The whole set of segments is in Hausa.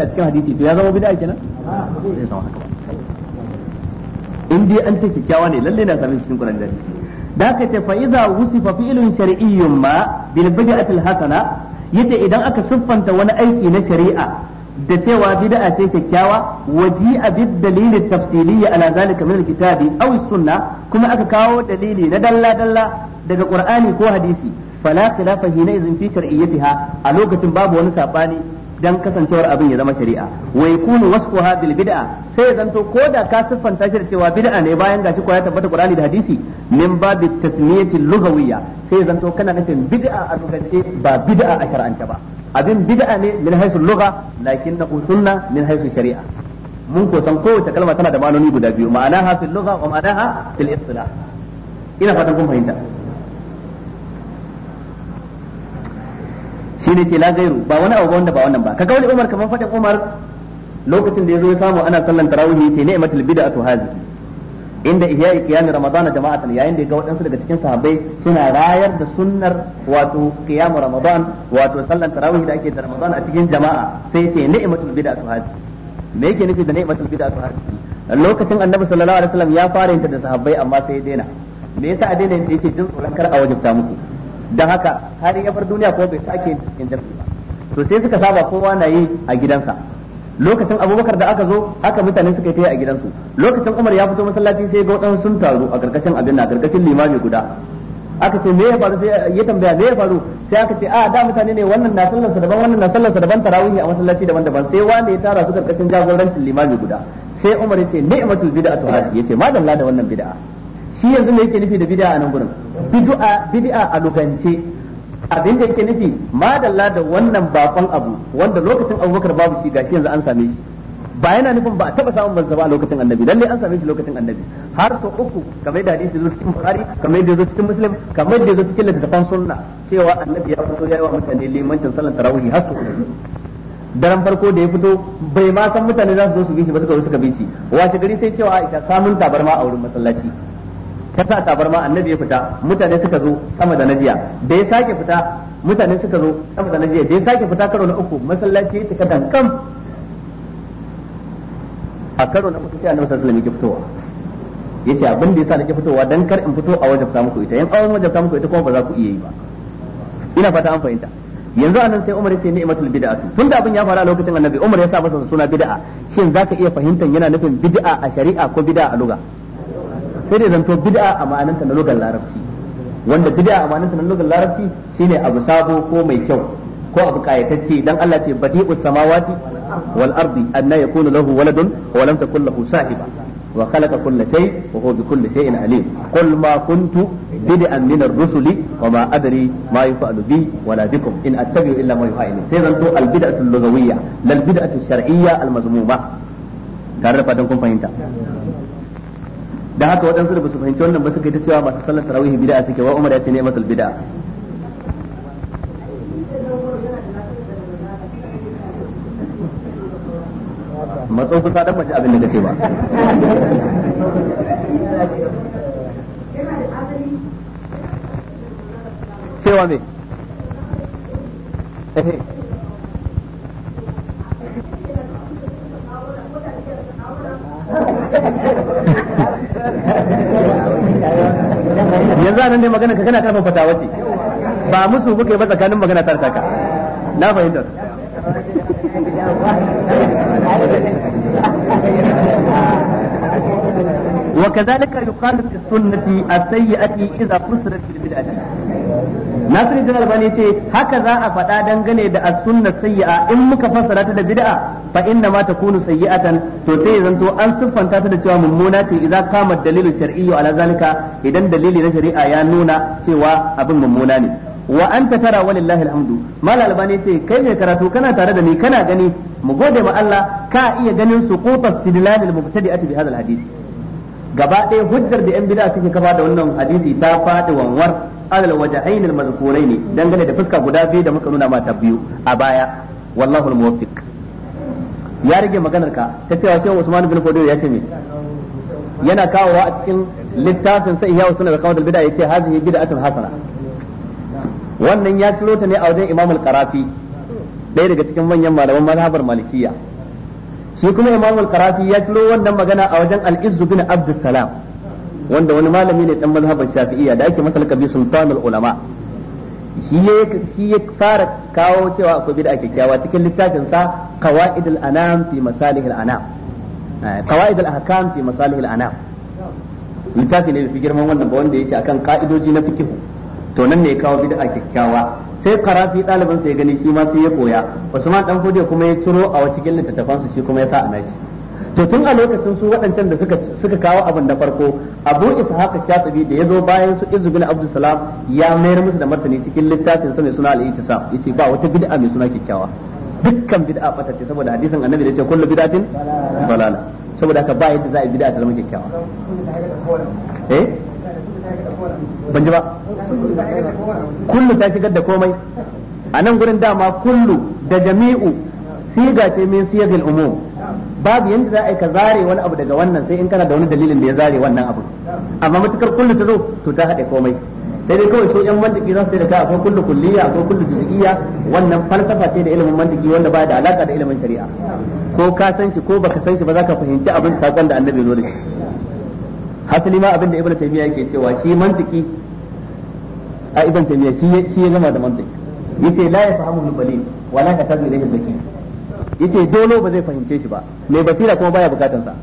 a cikin hadisi to ya zama bid'a kenan zai zama haka in dai an ce kyakkyawa ne lalle na samun cikin Qur'ani da da aka ce fa iza wusifa fi'lun shar'iyyun ma bil bid'atil hasana yadda idan aka siffanta wani aiki na shari'a da cewa bid'a ce kyakkyawa bi bid dalil ya ala zalika min alkitabi aw sunna kuma aka kawo dalili na dalla dalla daga qur'ani ko hadisi fala khilafa hina izin fi shar'iyyatiha a lokacin babu wani sabani dan kasancewar abin ya zama shari'a wai kunu wasfuha hadil bid'a sai ya zanto ko da ka siffanta shi da cewa bid'a ne bayan gashi ko ya tabbata Qur'ani da hadisi min babi tasmiyati lughawiyya sai ya zanto kana nufin bid'a a lugance ba bid'a a shar'ance ba abin bid'a ne min haisu lugha na sunna min haisu shari'a mun ko san kowace kalma tana da ma'anoni guda biyu ha fil lugha wa ha fil ina fatan kun fahimta shine ce la gairu ba wani abu wanda ba wannan ba ka kawai Umar kamar fadin Umar lokacin da ya zo ya samu ana sallan tarawih yace ni'matul bid'atu hazihi inda ihya qiyam ramadan jama'atan yayin da ga waɗansu daga cikin sahabbai suna rayar da sunnar wato qiyam ramadan wato sallan tarawih da ake da ramadan a cikin jama'a sai ce ni'matul bid'atu hazihi me yake nufi da ni'matul bid'atu hazihi lokacin annabi sallallahu alaihi wasallam ya fara yin da sahabbai amma sai ya daina me yasa a daina yin yace jin tsoron kar a wajibta muku dan haka har ya bar duniya ko bai sake yin dafi ba to sai suka saba kowa na yi a gidansa lokacin abubakar da aka zo haka mutane suka yi a gidansu lokacin umar ya fito masallaci sai ga waɗansu sun taru a karkashin abin na karkashin limami guda aka ce me ya faru sai ya tambaya me ya faru sai aka ce a ah, da mutane ne wannan na sallarsa daban wannan na sallarsa daban tarawih a masallaci daban-daban sai wanda ya tara su karkashin jagorancin limami guda sai umar ya ce ni'matul bid'atu hadhihi yace madalla da wannan bid'a shi yanzu me yake nufi da bid'a a nan gurin bid'a bid'a a lugance abin da yake nufi madalla da wannan bakon abu wanda lokacin abubakar babu shi gashi yanzu an same shi ba yana nufin ba a taba samun manzo ba lokacin annabi lalle an same shi lokacin annabi har sau uku kamar da hadisi zo cikin bukhari kamar da zo cikin muslim kamar da zo cikin littattafan sunna cewa annabi ya fito yi wa mutane limancin sallar tarawih har sau uku daren farko da ya fito bai ma san mutane za su zo su bi shi ba suka zo suka bi shi washe gari sai cewa Aisha samun tabarma a wurin masallaci ka sa tabarma annabi ya fita mutane suka zo sama da najiya da ya sake fita mutane suka zo sama da najiya da ya sake fita karo na uku masallaci ya cika kam. a karo na uku sai annabi sallallahu alaihi wasallam ya fitowa yace abin da yasa nake fitowa dan kar in fito a ta muku ita yan awon ta muku ita kuma ba za ku iya yi ba ina fata an fahimta yanzu anan sai Umar ya ce bid'a tun tunda abin ya faru a lokacin annabi Umar ya sa masa suna bid'a shin zaka iya fahimtar yana nufin bid'a a shari'a ko bid'a a lugha sai dai zanto bid'a a ma'ananta na lugar larabci wanda bid'a a ma'ananta na lugar larabci shine abu sabo ko mai kyau ko abu kayatacce dan Allah ce bati samawati wal ardi anna yakunu lahu waladun wa lam takul lahu sahiba wa khalaqa kulla shay wa huwa bi kulli shay'in alim qul ma kuntu bid'an min ar-rusul wa ma adri ma yuf'alu bi wa la bikum in attabi'u illa ma yuha ilayhi sai zanto al bid'atu lal bid'atu shar'iyya al mazmuma tare da fatan kun fahimta da haka waɗansu da ba su fahimci wannan ba suka yi ta cewa masu sallar tarawih bid'a suke wa Umar ya ce ne masul bid'a matso kusa dan mace abin da kace ba cewa me eh yanzu anan ne magana ka kana karfafa fatawa ce ba musu kuke ba tsakanin magana ta taka na fahimta وكذلك يقال في السنة السيئة إذا فسرت بالبدعة Nasir Jalal Albani ce haka za a faɗa dangane da as-sunnah sayyi'a in muka fassara ta da bid'a fa inna ma takunu sayyi'atan to sai ya zanto an siffanta ta da cewa mummuna ce idza kama dalilu shar'iyyu ala zalika idan dalili na shari'a ya nuna cewa abin mummuna ne wa anta tara walillahi alhamdu mal albani ce kai ne karatu kana tare da ni kana gani mu gode ma Allah ka iya ganin suqut istidlal al-mubtadi'ati bi hadha al gaba ɗaya hujjar da yan bid'a suke kafa da wannan hadisi ta faɗi wanwar alal wajahain al ne dangane da fuska guda biyu da muka nuna mata biyu a baya wallahu al ya rage maganar ka ta cewa shehu usman bin fodiyo ya ce me yana kawowa a cikin littafin sai ya usuna da kawo da bid'a yace hazihi bid'atun hasana wannan ya ciro ta ne a wajen imam al-qarafi ɗaya daga cikin manyan malaman mazhabar Malikiyya shi kuma imam al-qarafi ya ciro wannan magana a wajen al-izz bin abdus wanda wani malami ne dan mazhabar shafi'iyya da ake masa lakabi sultanul ulama shi ya fara kawo cewa akwai bid'a kyakkyawa cikin littafin sa qawaidul anam fi masalihil anam eh, qawaidul ahkam fi masalihil anam littafi ne fi girman wannan ba wanda ya ce akan ka'idoji na fikihu to nan ne ya kawo bid'a kyakkyawa sai karafi ɗaliban ya gani shi ma sai ya koya Usman dan Fodiyo kuma ya ciro a cikin littattafan su shi kuma ya sa a nashi to tun a lokacin su waɗancan da suka suka kawo abin da farko Abu Ishaq Shatibi da yazo bayan su Izz bin Abdulsalam Salam ya mayar musu da martani cikin littafin sa mai suna Al-Ittisam yace ba wata bid'a mai suna kikkiawa dukkan bid'a bata ce saboda hadisin Annabi da yace kullu bid'atin balala saboda haka ba yadda za a yi bid'a ta zama kikkiawa eh ban ji ba kullu ta shigar da komai a nan gurin dama kullu da jami'u siga ce min da umum babu yanda za a yi ka zare wani abu daga wannan sai in kana da wani dalilin da ya zare wannan abu amma matukar kullu ta zo to ta haɗe komai sai dai kawai so yan mantiki za su da kai akwai kullu kulliya akwai kullu juz'iyya wannan falsafa ce da ilimin mantiki wanda baya da alaka da ilimin shari'a ko ka san shi ko baka san shi ba za ka fahimci abin sakon da annabi zo da shi hasali ma abin da ibnu taymiya yake cewa shi mantiki a ibnu taymiya shi ya gama da mantiki yace la yafahamu al-balil wa la yahtazu ilayhi al-bakir yace dolo ba zai fahimce shi ba mai basira kuma baya bukatar sa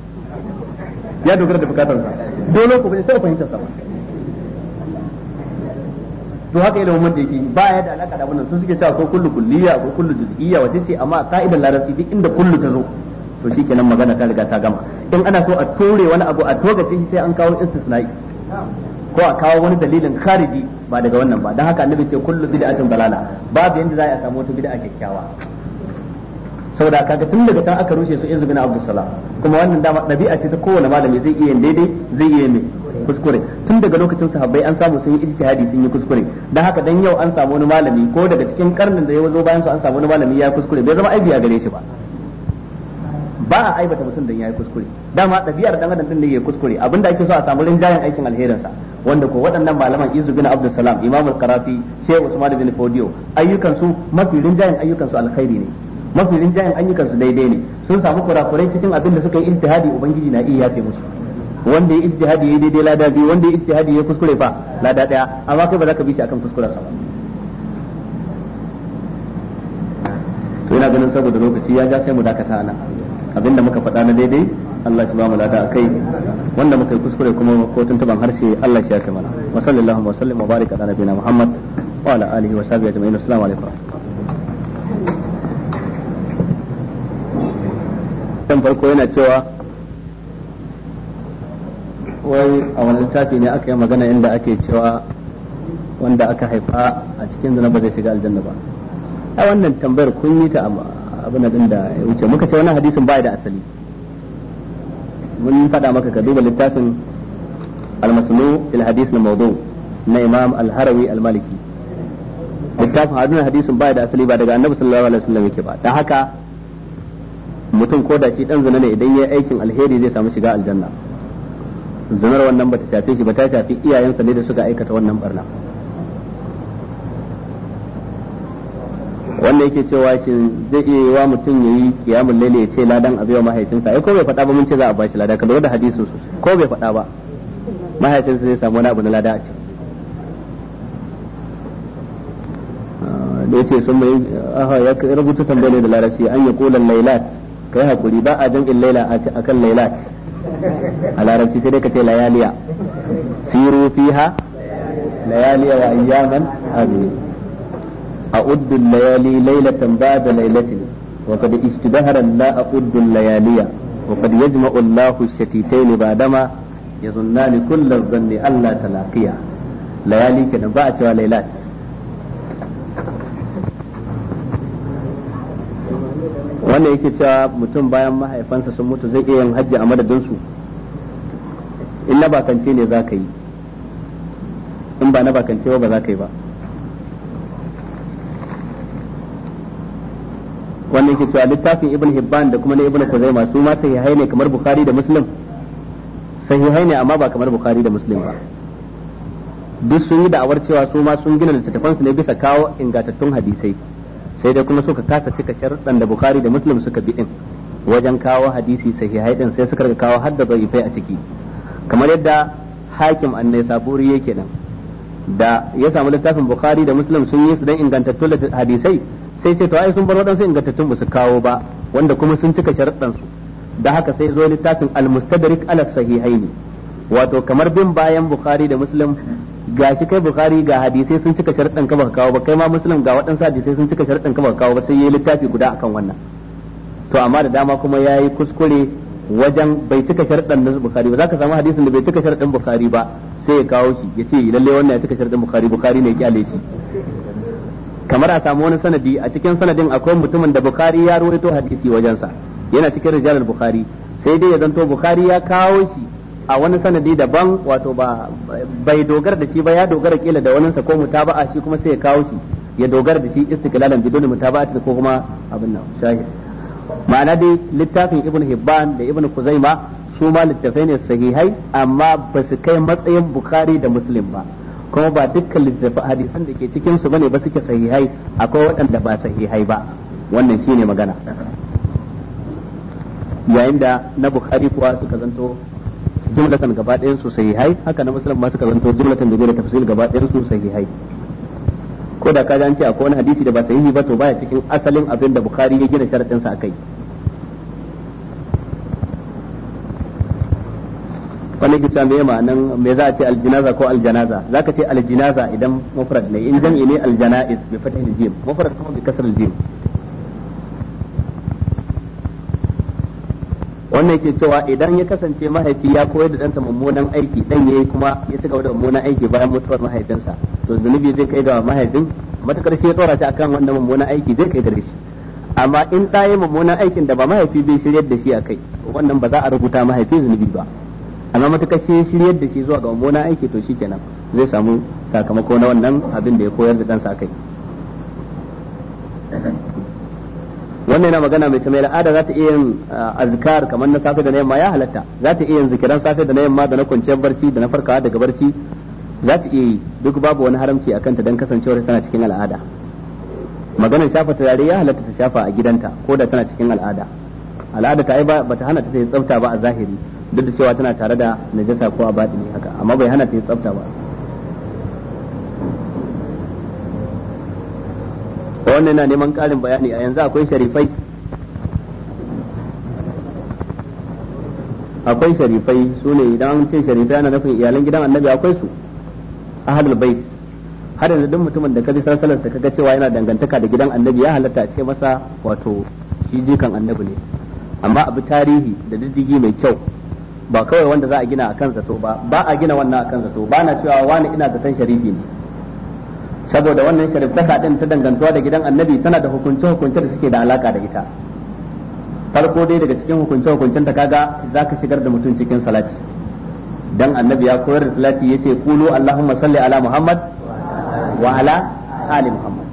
ya dogara da bukatar sa dolo ko bai sai fahimtar sa ba to haka ilimin mun dake ba ya da alaka da wannan su suke cewa ko kullu kulliya ko kullu juz'iyya wace ce amma ka'idar larabci duk inda kullu ta zo to shikenan magana ta riga ta gama in ana so a tore wani abu a togace shi sai an kawo istisna'i ko a kawo wani dalilin khariji ba daga wannan ba don haka annabi ce kullu bid'atin balala babu yanda za a samu wata bid'a kyakkyawa saboda kaga tun daga can aka rushe su izu bin abdussalam kuma wannan dama dabi'a ce ta kowane malami zai iya daidai zai iya mai kuskure tun daga lokacin sahabbai an samu sun yi ijtihadi sun yi kuskure dan haka dan yau an samu wani malami ko daga cikin karnin da ya zo bayan su an samu wani malami ya kuskure bai zama aibi a gare shi ba ba a aibata mutum dan yayi kuskure dama ɗabi'ar dan adam din ne ya kuskure abinda ake so a samu rinjayen aikin alherin sa wanda ko waɗannan malaman Izu bin Abdul Salam Imam al-Qarafi Sheikh Usman bin Fodio ayyukan su mafi rinjayen ayyukan su alkhairi ne mafi rinjayen ayyukansu daidai ne sun samu kurakurai cikin abin da suka yi ijtihadi ubangiji na iya yafe musu wanda ya ijtihadi ya daidai lada biyu wanda ya ijtihadi ya kuskure fa lada daya amma kai ba za ka bi shi akan kuskuren sa to ina ganin saboda lokaci ya ja sai mu dakata abin abinda muka faɗa na daidai Allah shi ba mu lada kai wanda muka yi kuskure kuma ko tuntuban harshe Allah shi ya kai mana wa sallallahu wa sallam wa baraka ala nabiyina Muhammad wa ala alihi wa sahbihi ajma'in assalamu alaikum kan farko yana cewa wai a wani littafi ne aka yi magana inda ake cewa wanda aka haifa a cikin zina ba zai shiga aljanna ba a wannan tambayar kun yi ta abin da da ya wuce muka ce wannan hadisin ba da asali mun faɗa maka ka duba littafin al il hadis na maudu na imam al-harawi al-maliki littafin hadisin ba da asali ba daga annabi sallallahu alaihi wasallam yake ba dan haka mutum ko da shi dan zina ne idan ya yi aikin alheri zai samu shiga aljanna zinar wannan ba ta shafi shi ba ta shafi iyayensa ne da suka aikata wannan barna wannan yake cewa shi zai iya yi wa mutum ya yi kiyamun laili ya ce ladan a biya mahaifinsa ai ko bai faɗa ba mun ce za a bashi lada ka lura da hadisin su ko bai faɗa ba mahaifinsa zai samu wani abu na lada a ce. Ah, da ce sun mai aha ya rubuta tambaye da larabci an yi kula lailat kai hakuri ba a jam'in laila a kan lailat a larabci sai dai ka ce layaliya siru fiha layaliya wa ayyaman abi أعد الليالي ليلة بعد ليلة وقد اشتدهر لا أعد الليالي وقد يجمع الله الشتيتين بعدما يظنان كل الظن ألا تلاقيا ليالي كنا بعد ليلات wannan yake cewa mutum bayan mahaifansa sun mutu zai iya yin hajji a madadinsu in na bakance ne za ka yi in ba na bakance ba ba za ka yi ba wannan yake cewa littafin ibn hibban da kuma na ibn kuzai masu ma sahihai ne kamar bukhari da muslim sahihai ne amma ba kamar bukhari da muslim ba duk sun yi da'awar cewa su ma sun gina littattafansu ne bisa kawo ingantattun hadisai sai dai kuma suka kasa cika sharuɗan da bukari da muslim suka bi din wajen kawo hadisi sahihai din sai suka kawo hadda da'ifai a ciki kamar yadda hakim annai saburi yake nan da ya samu littafin bukari da muslim sun yi su dan ingantattun hadisai sai ce to ai sun bar waɗansu ingantattun su kawo ba wanda kuma sun cika sharuɗan su da haka sai zo littafin al-mustadrik ala sahihaini wato kamar bin bayan bukari da muslim shi kai bukhari ga hadisai sun cika sharaɗin ka baka kawo ba kai ma musulun ga waɗansu hadisai sun cika sharaɗin ka baka kawo ba sai yi littafi guda akan wannan to amma da dama kuma ya yi kuskure wajen bai cika sharaɗin na bukhari ba za ka samu hadisin da bai cika sharaɗin bukhari ba sai ya kawo shi ya ce lalle wannan ya cika sharaɗin bukhari bukhari ne ya kyale shi kamar a samu wani sanadi a cikin sanadin akwai mutumin da bukhari ya ruwaito hadisi wajensa yana cikin rijalar bukhari sai dai ya zanto bukhari ya kawo shi a wani sanadi daban wato ba bai dogara da shi ba ya dogara kila da sa ko mutaba'a shi kuma sai ya kawo shi ya dogara da shi istiklalan bidon ta ko kuma abin nan shahid ma'ana dai littafin ibnu hibban da ibn kuzaima su ma littafai ne sahihai amma ba su kai matsayin bukhari da muslim ba kuma ba dukkan littafin hadisan da ke cikin su bane ba suke sahihai akwai waɗanda ba sahihai ba wannan shine magana yayin da na bukhari kuwa suka zanto jumlatan gaba ɗayan su sahihai haka na musulman masu karanto jumlatan da tafsil gaba ɗayan su sahihai ko da ji an ce akwai wani hadisi da ba sahihi ba to baya cikin asalin abin da bukhari ya gina sharadin sa akai wani gita me ma'anan me za a ce aljinaza ko aljanaza ka ce aljinaza idan mufrad ne in jam'i ne aljana'iz bi fathil jim mufrad kuma kasar kasar jim wannan yake cewa idan ya kasance mahaifi ya koyar da ɗansa mummunan aiki ya yayi kuma ya ci gaba da mummunan aiki bayan mutuwar mahaifinsa to zunubi zai kai ga mahaifin matakar shi ya tsora shi akan wannan mummunan aiki zai kai gare shi amma in ta yi mummunan aikin da ba mahaifi bai shiryar da shi a kai wannan ba za a rubuta mahaifi zunubi ba amma matakar shi shiryar da shi zuwa ga mummunan aiki to shi kenan zai samu sakamako na wannan abin da ya koyar da ɗansa a kai wannan yana magana mai tambayar ada za ta iya yin uh, azkar kamar na safe da na yamma ya halatta za ta iya yin zikiran safe da na yamma da na kwanciyar barci da na farkawa daga barci za ta iya yi duk babu wani haramci a kanta dan kasancewar tana cikin al'ada magana shafa turare ya halatta ta shafa a gidanta ko da tana cikin al'ada al'ada ta ai ba ta hana ta ta yi tsafta ba a zahiri duk da cewa tana tare da najasa ko a batini haka amma bai hana ta yi tsafta ba wannan yana neman ƙarin bayani a yanzu akwai sharifai akwai sharifai su ne idan an ce sharifai ana nufin iyalan gidan annabi akwai su ahlul bait har yanzu duk mutumin da ka ji sarsalar sa kaga cewa yana dangantaka da gidan annabi ya halatta a ce masa wato shi jikan annabi ne amma abu tarihi da diddigi mai kyau ba kawai wanda za a gina a kan zato ba ba a gina wannan a kan zato ba na cewa wani ina zaton sharifi ne saboda wannan shariftaka din ta dangantuwa da gidan annabi tana da hukunce hukunce da suke da alaka da ita farko dai daga cikin hukunce hukuncen ta kaga ka shigar da mutum cikin salati dan annabi ya koyar da salati ya ce kulu allahumma salli ala muhammad wa ala ali muhammad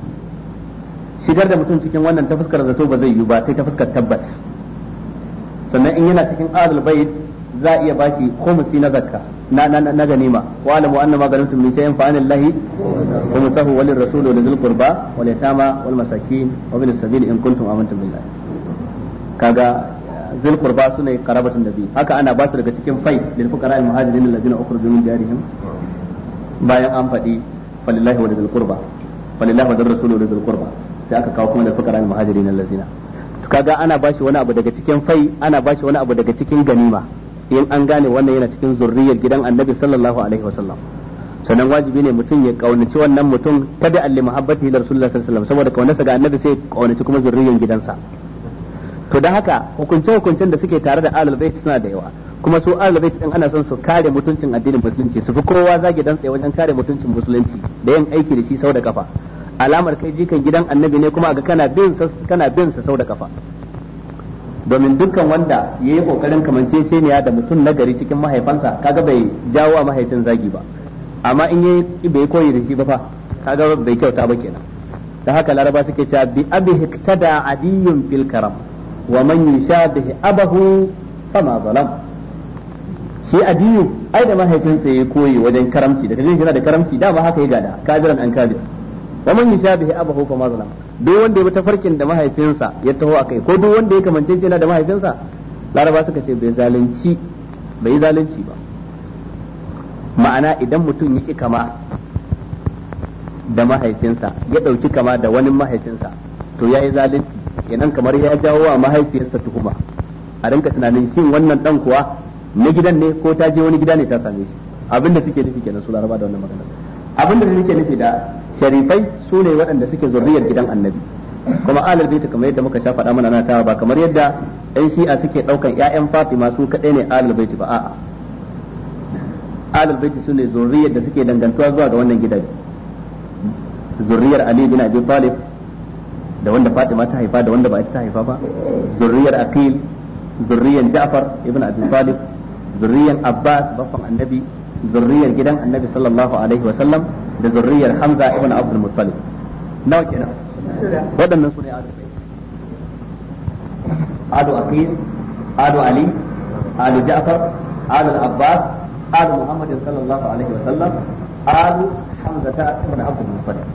shigar da mutum cikin wannan ta fuskar zato ba zai yi ba sai ta fuskar tabbas sannan in yana cikin adal bayt za a iya bashi khumsi na zakka na na na ganima wa alamu anna ma ganimtum min shay'in fa anallahi khumsahu wa lirrasuli wa lil qurba wal yatama wal masakin wa bil sabili in kuntum amantum billahi kaga zil qurba sune qarabatun nabi haka ana basu daga cikin fai lil fuqara al muhajirin alladhina ukhrijoo min diyarihim bayan an fadi falillahi wa lil qurba falillahi wa lirrasuli wa lil qurba sai aka kawo kuma lil fuqara al muhajirin alladhina to kaga ana bashi wani abu daga cikin fai ana bashi wani abu daga cikin ganima in an gane wannan yana cikin zurriyar gidan annabi sallallahu alaihi wasallam sannan wajibi ne mutum ya kaunaci wannan mutum ta da alli muhabbati da rasulullah sallallahu alaihi saboda kaunarsa ga annabi sai kaunaci kuma zurriyar gidansa to dan haka hukunce hukuncen da suke tare da ahlul bait suna da yawa kuma su ahlul bait din ana son su kare mutuncin addinin musulunci su fi kowa zagi dan tsaye wajen kare mutuncin musulunci da yin aiki da shi sau da kafa alamar kai jikan gidan annabi ne kuma ga kana bin sa kana bin sa sau da kafa domin dukkan wanda ya yi kokarin kamanceceniya da mutum na gari cikin mahaifansa kaga bai jawo mahaifin zagi ba amma in yayi bai koyi da shi ba fa kaga bai kyauta ba kenan da haka laraba suke cewa bi abi hiktada adiyun fil karam wa man yushabihi abahu fama zalam shi adiyu ai da mahaifinsa ya koyi wajen karamci da kaje yana da karamci dama haka ya gada kabiran an kabir wa man yushabihi abahu fa ma zalama duk wanda ya bi tafarkin da mahaifinsa ya taho akai ko duk wanda ya kamance yana da mahaifinsa laraba suka ce bai zalunci bai zalunci ba ma'ana idan mutum yake kama da mahaifinsa ya dauki kama da wani mahaifinsa to yayi zalunci kenan kamar ya jawo wa mahaifiyarsa tuhuma a rinka tunanin shin wannan dan kuwa na gidan ne ko ta je wani gida ne ta same shi abinda suke nufi kenan su laraba da wannan magana abin da nake nufi da sharifai su ne waɗanda suke zurriyar gidan annabi kuma alal baiti kamar yadda muka sha faɗa mana na tawa ba kamar yadda ɗan shi'a suke ɗaukan ƴaƴan fatima su kaɗai ne alal baiti ba a'a alal baiti su ne zurriyar da suke dangantuwa zuwa ga wannan gidaje zurriyar ali bin abi talib da wanda fatima ta haifa da wanda ba ita ta haifa ba zurriyar aqil zurriyar ja'far ibn abi talib zurriyar abbas baffan annabi zurriyar gidan annabi sallallahu alaihi wasallam da zurriyar hamza ibn abdul muttalib nawa kenan waɗannan su ne adu aqil adu ali adu ja'far adu abbas adu muhammad sallallahu alaihi wasallam adu hamza ta ibn abdul muttalib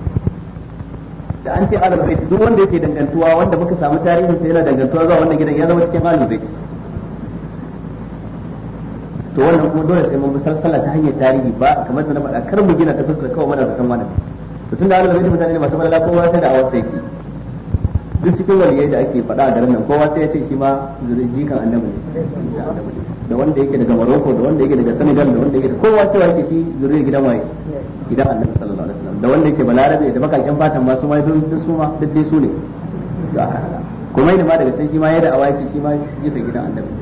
da an ce alul bait duk wanda yake dangantuwa wanda muka samu tarihin sai yana dangantuwa zuwa wannan gidan ya zama cikin alul bait to wannan kuma dole sai mun musalsala ta hanyar tarihi ba kamar da na faɗa kar mu gina ta fuskar kawai mana zakan wani to tunda Allah bai mutane ne masu malala kowa sai da awar sai duk cikin waliyai da ake faɗa a garin nan kowa sai ya ce shi ma jikan annabi ne da wanda yake daga Morocco da wanda yake daga Senegal da wanda yake kowa cewa yake shi zuriyar gidan waye gidan annabi sallallahu alaihi wasallam da wanda yake balarabe da bakakken fatan ma su ma sun su ma duk dai su ne kuma ina ma daga can shi ma ya da awaye shi ma yake gidan annabi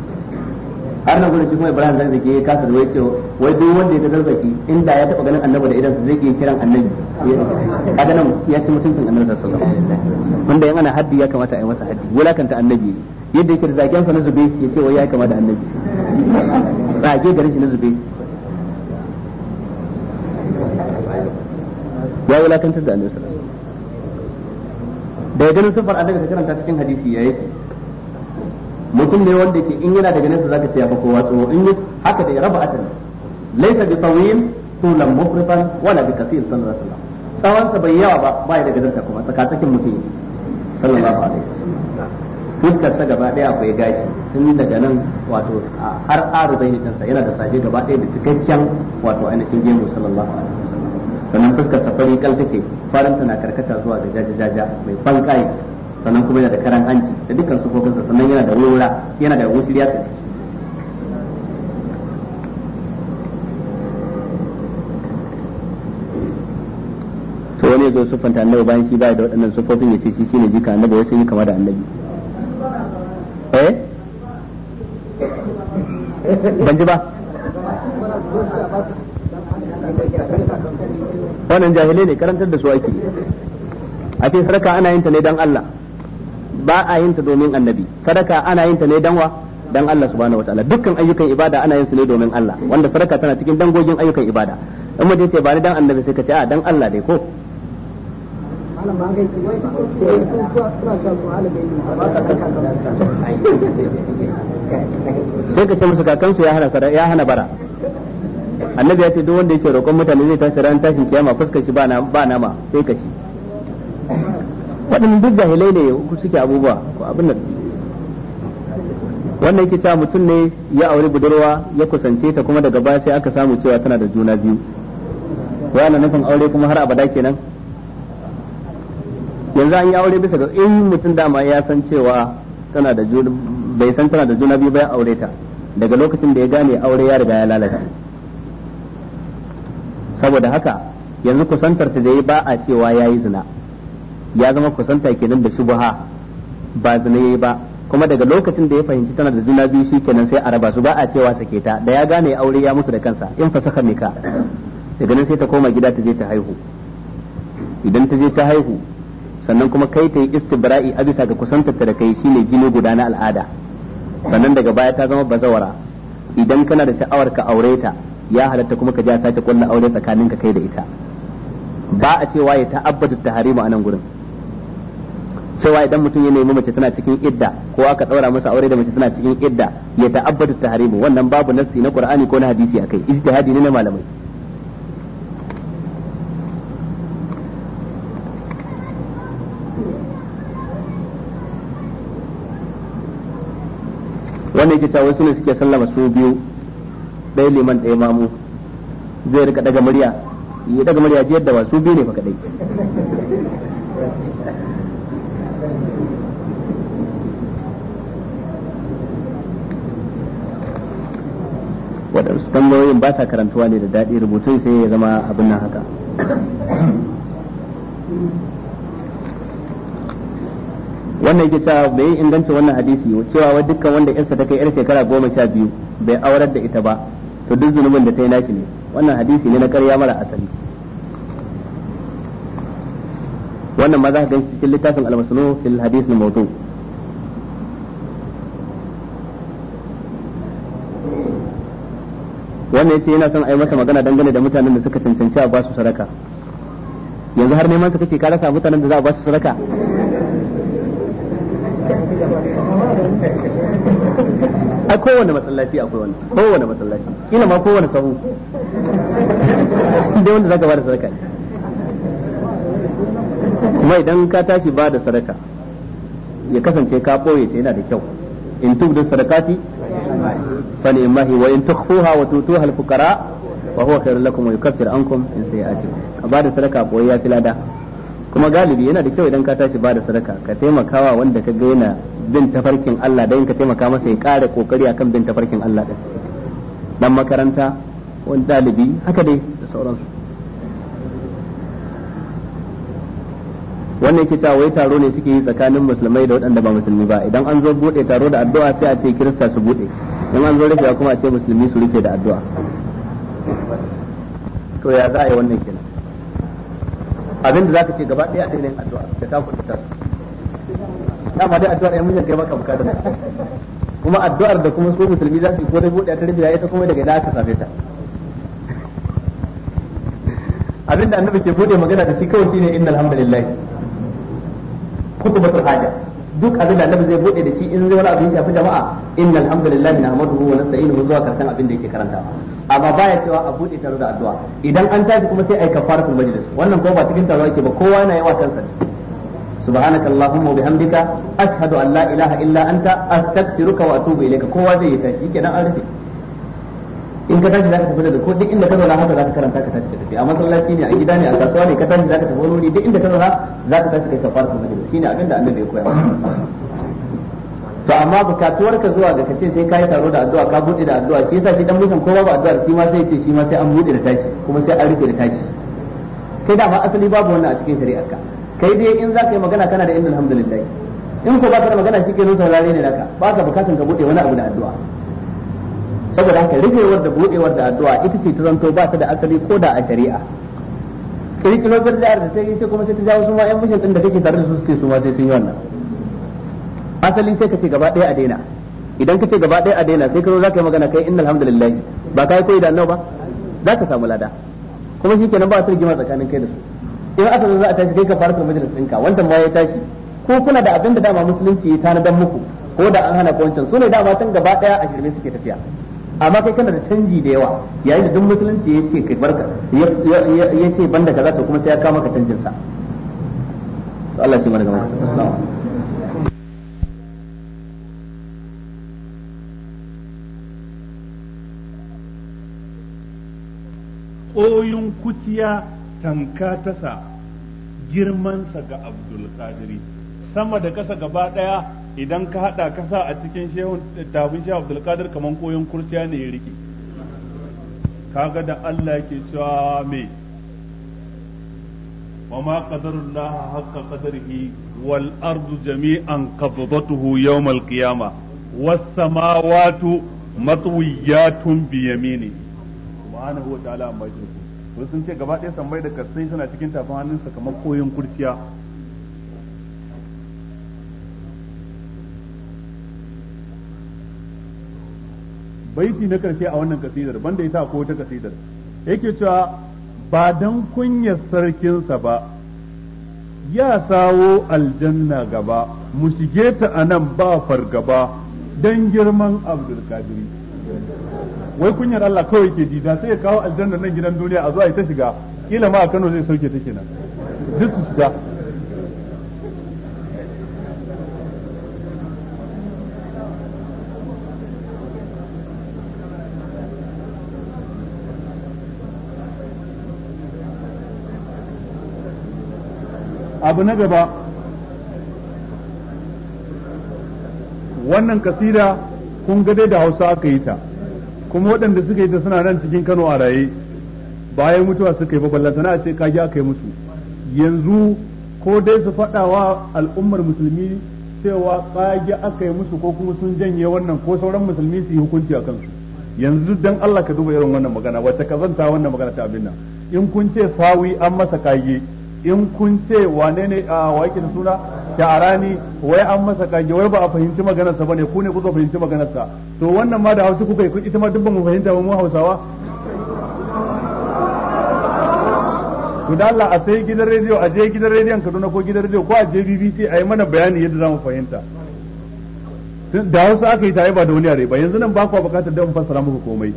har nan gurin shi kuma Ibrahim zai ya kasa da wai cewa wai duk wanda ya zaki inda ya taba ganin annabi da idan su zai kiran annabi kaga nan ya ci mutuncin annabi sallallahu alaihi wasallam wanda haddi ya kamata a yi masa haddi wulakanta annabi yadda yake da zagen sa na zube ya ce wai ya kama annabi zage garin shi na zube ya wulakantar da annabi sallallahu alaihi wasallam da ganin sufar annabi ta karanta cikin hadisi ya yake mutum ne wanda ke in yana daga nesa zaka ce ya fa kowa tsoho in yi haka da raba atan laysa bi tawil tulan mafurfan wala bi kaseer sallallahu alaihi wasallam tsawon sa bai yawa ba bai ya daga zarta kuma tsakatsakin mutum yake sallallahu alaihi wasallam fuskar sa gaba daya akwai gashi tun daga nan wato har aru bai ne kansa yana da saje gaba daya da cikakken wato ainihin gemu sallallahu alaihi wasallam sannan fuskar sa fari kal take farin tana karkata zuwa ga jajajaja mai ban kai sannan kuma yana da karan hanci da dukkan sufofinsa sannan yana da wura yana da wushiriya ta to wani zo sufanta annabi bayan shi ba da waɗannan sufofin ya ce shi shine jika annabi wasu yi kama da annabi eh ban ji ba wannan jahilai ne karantar da su ake a ce sarka ana yin ta ne don Allah ba a yin ta domin annabi sadaka ana yin ta ne danwa dan Allah subhanahu wataala dukkan ayyukan ibada ana yin su ne domin Allah wanda sadaka tana cikin dangogin ayyukan ibada in mutum ce ba ni dan annabi sai ka ce a ah, dan Allah dai ko sai ka ce musu kakansu ya hana ya hana bara annabi ya ce duk wanda yake roƙon mutane zai tashi ran tashin kiyama fuskar shi ba nama sai ka shi waɗannan duk jahilai ne ku suke abubuwa ko abin nan wannan yake cewa mutum ne ya aure budurwa ya kusance ta kuma daga baya sai aka samu cewa tana da juna biyu wannan nufin aure kuma har abada kenan yanzu an yi aure bisa ga in mutum dama ya san cewa tana da juna bai san tana da juna biyu ba ya aure ta daga lokacin da ya gane aure ya riga ya lalace saboda haka yanzu kusantar ta da ba a cewa ya yi zina ya zama kusanta kenan da shubha ba zina yi ba kuma daga lokacin da ya fahimci tana da juna biyu shikenan sai a raba su ba a cewa sake ta da ya gane aure ya mutu da kansa in fasaha saka ka daga nan sai ta koma gida ta je ta haihu idan ta je ta haihu sannan kuma kai ta yi istibra'i a bisa ga kusantarta da kai shine jini guda na al'ada sannan daga baya ta zama bazawara idan kana da sha'awar ka aure ta ya halatta kuma ka ja sake kulla aure ka kai da ita ba a cewa ya ta'abbatu tahrimu a nan gurin cewa idan mutum ya nemi mace tana cikin idda ko aka daura masa aure da mace tana cikin idda ya ta'abbatu tahrimu wannan babu nassi na qur'ani ko na hadisi akai ijtihadi ne na malamai wannan yake wasu ne suke sallama su biyu ɗaya liman ɗaya mamu zai rika daga murya ya daga murya jiyar da wasu biyu ne fa kadai waɗansu tambayoyin ba sa karantuwa ne da daɗi rubutun sai ya zama abin nan haka wannan yake cewa bai inganta wannan hadisi cewa dukkan wanda yarsa ta kai yar shekara goma sha biyu bai aurar da ita ba to duk zunubin da ta yi nashi ne wannan hadisi ne na karya mara asali wannan ma za ka ganshi cikin littafin al-masnu fil hadith al-mawdu wannan yace yana son a yi masa magana dangane da mutanen da suka cancanci a ba su sadaka yanzu har neman su kake ka rasa mutanen da za a ba su sadaka a kowane masallaci akwai wani kowane masallaci kila ma kowane sahu dai wanda zaka ba da sadaka ne kuma idan ka tashi ba da sadaka ya kasance ka ɓoye ta yana da kyau in tubdu sadakati fa mahi wa in tukhfuha wa tutu hal fuqara wa huwa khairul lakum wa yukaffiru ankum in sayi'atikum ka ba da sadaka ɓoye ya fi lada kuma galibi yana da kyau idan ka tashi ba da sadaka ka taimakawa wanda ka ga yana bin tafarkin Allah dan ka taimaka masa ya ƙara kokari akan bin tafarkin Allah din dan makaranta wani dalibi haka dai da sauransu wannan yake cewa wai taro ne suke yi tsakanin musulmai da waɗanda ba musulmi ba idan an zo bude taro da addu'a sai a ce kirista su bude idan an zo rufewa kuma a ce musulmi su rufe da addu'a to ya za a yi wannan kenan abin da zaka ce gaba ɗaya a cikin addu'a da ta kuɗi ta dama dai addu'ar mun kai maka bukata kuma addu'ar da kuma su musulmi za su yi ko dai bude ta rufe ya ita kuma daga ina aka safe ta abinda annabi ke bude magana da shi kawai shine innal hamdalillah kutubatul haja duk abin da annabi zai bude da shi in zai wani abin shafi jama'a innal hamdalillahi nahmaduhu wa nasta'inuhu zuwa karshen abin da yake karanta amma baya cewa a bude taro da addu'a idan an tashi kuma sai ai kafaratul majlis wannan ko ba cikin taro yake ba kowa na yawa kansa سبحانك اللهم وبحمدك أشهد أن لا إله إلا أنت أستغفرك وأتوب إليك كوا زي تاشي كده عارفين in ka tashi zaka tafi da ko duk inda ka zauna haka zaka karanta ka tashi ka tafi a masallaci ne a gida ne a kasuwa ne ka tashi zaka tafi wani duk inda ka zauna zaka tashi kai kafara kuma da shine abinda da annabi ya koya to amma bukatuwar ka zuwa ga kace sai kai taro da addu'a ka bude da addu'a shi yasa shi dan musan kowa ba addu'a shi ma sai ce shi ma sai an bude da tashi kuma sai an rufe da tashi kai da ma asali babu wannan a cikin shari'arka ka kai dai in zaka yi magana kana da inna alhamdulillah in ko ba da magana shi ke nusa saurare ne naka ka bukatun ka bude wani abu da addu'a saboda haka rufewar da budewar da addu'a ita ce ta zanto ba ta da asali ko da a shari'a kirkiro bid'ar da arziki sai kuma sai ta jawo su ma yan mishin din da kake tare da su sai su ma sai sun yi wannan asali sai ka ce gaba ɗaya a daina idan ka ce gaba ɗaya a daina sai ka zo zaka yi magana kai innal hamdulillah ba kai koyi da annabi ba zaka samu lada kuma shi kenan ba ta rigima tsakanin kai da su in aka zo za a tashi kai ka fara majalis ɗinka wancan ma ya tashi ko kuna da abin da dama musulunci ya tanadan muku ko da an hana ko su ne dama tun gaba ɗaya a shirme suke tafiya amma kai kana da canji da yawa yayin da duk musulunci ya ce kai barka ya ce banda kaza to kuma sai ya kama ka canjin sa to Allah shi mana gama assalamu koyin kutiya tamka tasa girmansa ga Abdul abdulkadiri sama da kasa gaba daya idan ka hada ka sa a cikin shehun tafin shehu abdul qadir kaman koyon kurciya ne ya rike kaga da Allah yake cewa me wa ma qadarullah haqqa qadarihi wal ardu jami'an qabdatuhu yawm al qiyamah was samawati matwiyatun bi yamini subhanahu wa ta'ala amma yake sun ce gaba ɗaya sammai da kasai suna cikin tafin hannunsa kamar koyon kurciya baiti na karshe a wannan kasidar banda ita ko ta kasidar yake cewa ba dan kunyar sarkinsa ba ya sawo aljanna gaba mu shige ta anan ba fargaba dan girman abdul kadiri wai kunyar Allah kawai ke ji da sai ya kawo aljanna nan gidan duniya a zuwa ita shiga kila ma a Kano zai sauke ta kenan duk su shiga abu na gaba wannan kasida kun ga dai da hausa aka yi ta kuma waɗanda suka yi ta suna nan cikin kano a raye bayan mutuwa suka yi babban lantana a ce kaji aka yi musu yanzu ko dai su faɗa wa al'ummar musulmi cewa kaji aka yi musu ko kuma sun janye wannan ko sauran musulmi su yi hukunci a kansu yanzu dan Allah ka duba irin wannan magana wacce ka zanta wannan magana ta abin nan in kun ce sawi an masa kage in kun ce wane ne a wake da suna sha'arani wai an masa kage wai ba a fahimci maganarsa ba ne ku ne kuka fahimci maganarsa to wannan ma da hausa kuka yi ita ma dubban fahimta ba mu hausawa Guda da Allah a sai gidan rediyo a je gidan rediyon Kaduna ko gidan rediyo ko a je BBC a yi mana bayani yadda za mu fahimta da hausa aka yi tare ba da wani yare ba yanzu nan ba ku bukatar da mu fassara muku komai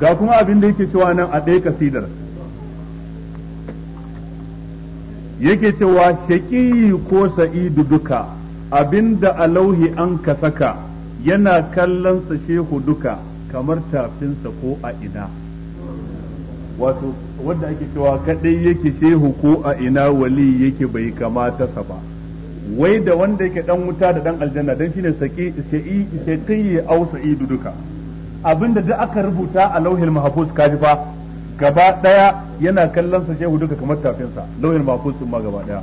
ga kuma abin da yake cewa nan a ɗaya kasidar yake cewa shaƙi ko sa'idu duka abinda lauhi an ka saka yana kallonsa shehu duka kamar tafinsa ko a ina wato wanda ake cewa kaɗai yake shehu ko a ina wali yake bai kamata sa ba wai da wanda yake ɗan wuta da ɗan aljanna dan shine saki shaƙi shaqiyi au sa'idu duka abinda duk aka rubuta a lauhin mahfuz kaji fa gaba daya yana kallon sa shehu duka kamar tafinsa lauhin mahfuz din ma gaba daya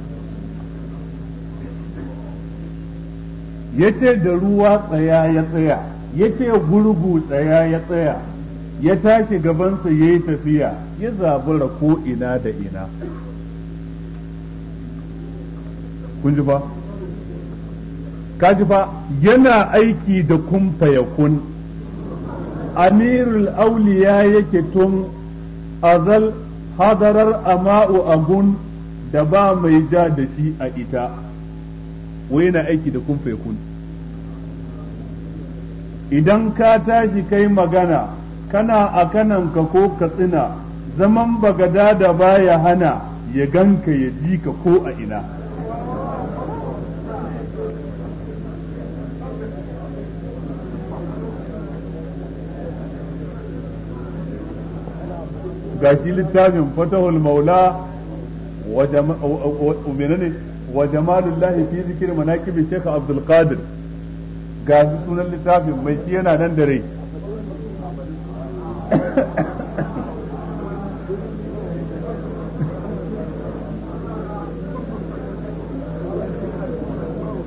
yace da ruwa tsaya ya tsaya yace gurgu tsaya ya tsaya ya tashi gabansa ya yi tafiya ya zabura ko ina da ina kun ji ba ka yana aiki da kun fayakun amirul auliya yake tun azal hadarar ama'u abun da ba mai ja da shi a ita wai yana aiki da kun kun idan ka tashi kai magana kana a kananka ko katsina zaman bagada da baya hana ya ganka ya ji ka ko a ina gashi littafin fatahul maula wa menene wa jamalullahi fi zikir manaqibi shaykh abdul qadir gashi sunan littafin mai shi yana nan da rai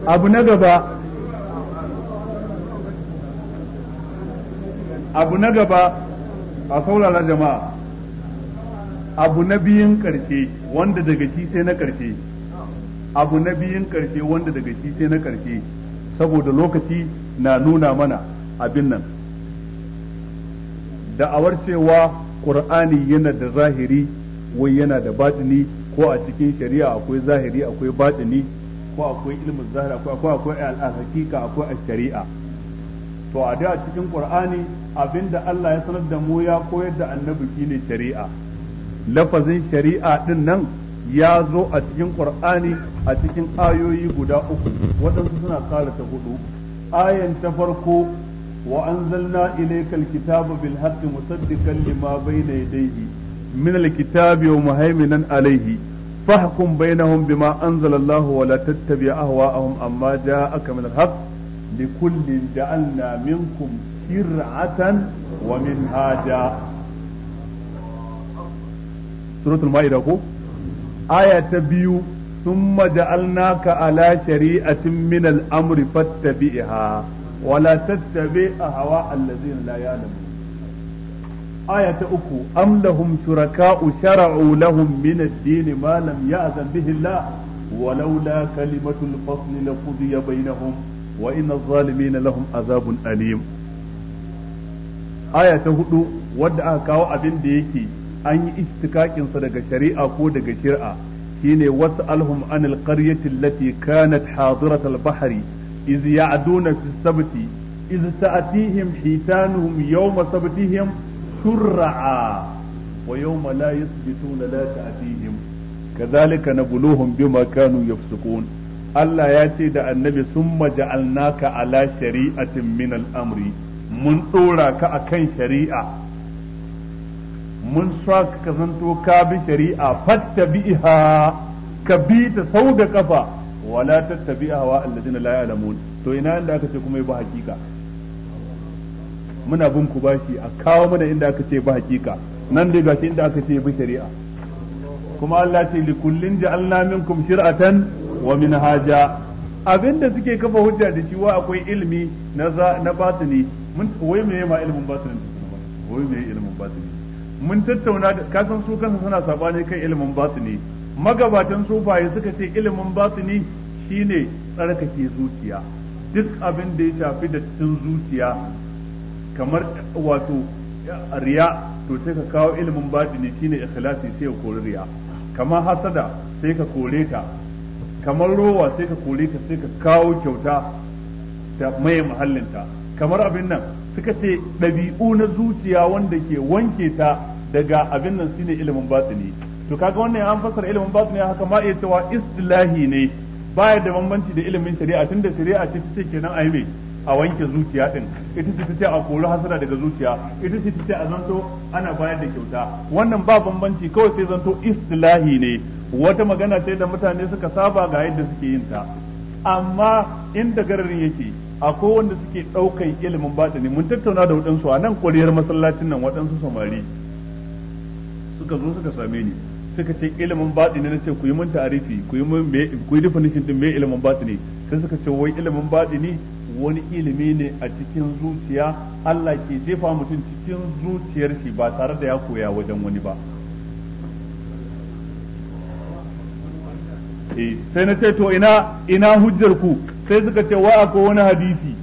abu na gaba abu na gaba a saurara jama'a abu na biyun karshe wanda daga shi sai na karshe abu na biyun karshe wanda daga shi sai na karshe saboda lokaci na nuna mana abin nan da'awar cewa ƙur'ani yana da zahiri wai yana da batini ko a cikin shari'a akwai zahiri akwai batini ko akwai ilimin zahiri ko akwai akwai al'adarki ka akwai shari'a to a da cikin ƙur'ani abinda Allah ya sanar da mu ya koyar da annabi shine shari'a lafazin shari'a din nan ya zo a cikin qur'ani a cikin ayoyi guda uku waɗansu suna ƙara ta hudu ayan ta farko wa anzalna ilayka alkitaba bil haqqi musaddiqan lima bayna yadayhi min alkitabi wa muhaiminan alayhi fahkum bainahum bima anzala Allah wa la tattabi ahwa'ahum amma ja'aka min alhaq لكل جعلنا منكم شرعة ومنهاجا suratul ma'ida ko aya ta biyu summa ja'alnaka ala shari'atin min al-amri fattabi'ha wa la tattabi ahwa allazina la ya'lamun aya ta uku am lahum shuraka'u shara'u lahum min ad-din ma lam ya'zan bihi Allah walaula kalimatul fasl laqudiya bainahum wa inna adh-dhalimina lahum adhabun alim aya ta hudu wadda aka kawo abin da yake an yi istikaƙinsa daga shari'a ko daga shir'a shine wasu anil qaryati allati kanat hadirat al-bahri iz ya'duna fi sabti iz ta'tihim hitanuhum yawma sabtihim shur'a wa yawma la yathbituna la ta'tihim kadhalika nabluhum bima kanu yafsukun Allah ya ce da annabi sun ja'alnaka ala shari'atin min al-amri mun ɗora ka a kan shari'a mun sa ka kasanto ka bi shari'a fattabi'iha ka bi ta sau da kafa wala tattabi'a wa alladina la ya'lamun to ina inda aka ce kuma ya ba hakika muna bin ku bashi a kawo mana inda aka ce ba hakika nan dai gashi inda aka ce bi shari'a kuma Allah ce li kullin ja'alna minkum shir'atan wa minhaja abinda suke kafa hujja da shi wa akwai ilimi na na batini mun wai me ma ilimin batini wai me ilimin batini mun tattauna ka san su kansa suna sabani kan ilimin batini magabatan sufaye suka ce ilimin batini shine tsarkake zuciya duk abin da ya shafi dattin zuciya kamar wato riya to sai ka kawo ilimin batini shine ikhlasi sai ya kori riya kamar hasada sai ka kore ta kamar rowa sai ka kore ta sai ka kawo kyauta ta maye muhallinta kamar abin nan suka ce ɗabi'u na zuciya wanda ke wanke ta daga abin nan shine ilimin batini to kaga wannan an fassara ilimin batini haka ma iya cewa istilahi ne baya da bambanci da ilimin shari'a tunda shari'a ce take kenan ai me a wanke zuciya din ita ce a kori hasara daga zuciya ita ce tace a zanto ana bayar da kyauta wannan ba bambanci kawai sai zanto istilahi ne wata magana ce da mutane suka saba ga yadda suke yin ta amma inda gararin yake akwai wanda suke ɗaukan ilimin batini mun tattauna da waɗansu a nan koriyar masallacin nan waɗansu samari suka zo suka same ni suka ce ilimin batini na ce ku yi mun ta'arifi ku yi mun ku yi definition din me ilimin batini sai suka ce wai ilimin batini wani ilimi ne a cikin zuciya Allah ke jefa mutum cikin zuciyar shi ba tare da ya koya wajen wani ba eh sai na ce to ina ina hujjar ku sai suka ce wa akwai wani hadisi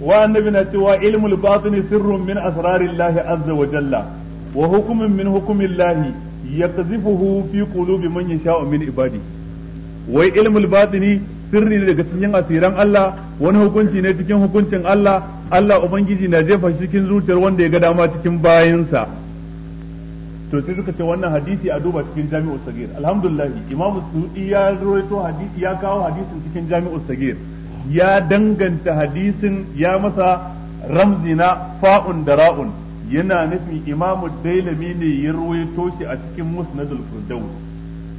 wa annabi na cewa ilmul batini sirrun min asrarillahi azza wa jalla wa hukumin min hukumillahi yaqdhifuhu fi qulubi manyan yasha'u min ibadi wai ilmul batini sirri ne daga cikin asiran Allah wani hukunci ne cikin hukuncin Allah Allah ubangiji na jefa shi cikin zuciyar wanda ya ga dama cikin bayansa to sai suka ce wannan hadisi a duba cikin jami'ul sagir alhamdulillah imamu sudi ya rawaito hadisi ya kawo hadisin cikin jami'ul sagir ya danganta hadisin ya masa ramzi na fa'un da ra'un yana nufin imamu dailami ne ya ruwaito shi a cikin musnadul firdaus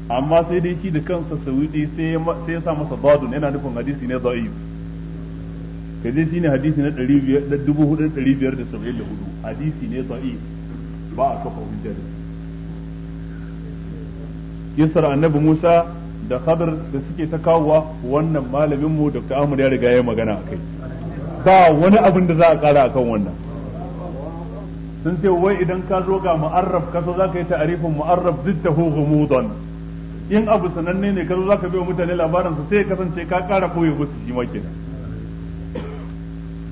amma sai dai shi da kansa sawidi sai ya sa masa badun yana nufin hadisi ne da'if ka je ne hadisi na 4574 hadisi ne da'if ba a kafa hujja da kisar annabi Musa da Khadir da suke ta kawowa wannan malamin mu Dr. Ahmad ya riga ya magana akai ba wani abin da za a kara akan wannan sun ce wai idan ka zo ga mu'arraf ka zo za ka yi ta'arifin mu'arraf ziddahu ghumudan in abu sananne ne ka zo za ka biyo wa mutane labarin su sai kasance ka kara koyi musu shi ma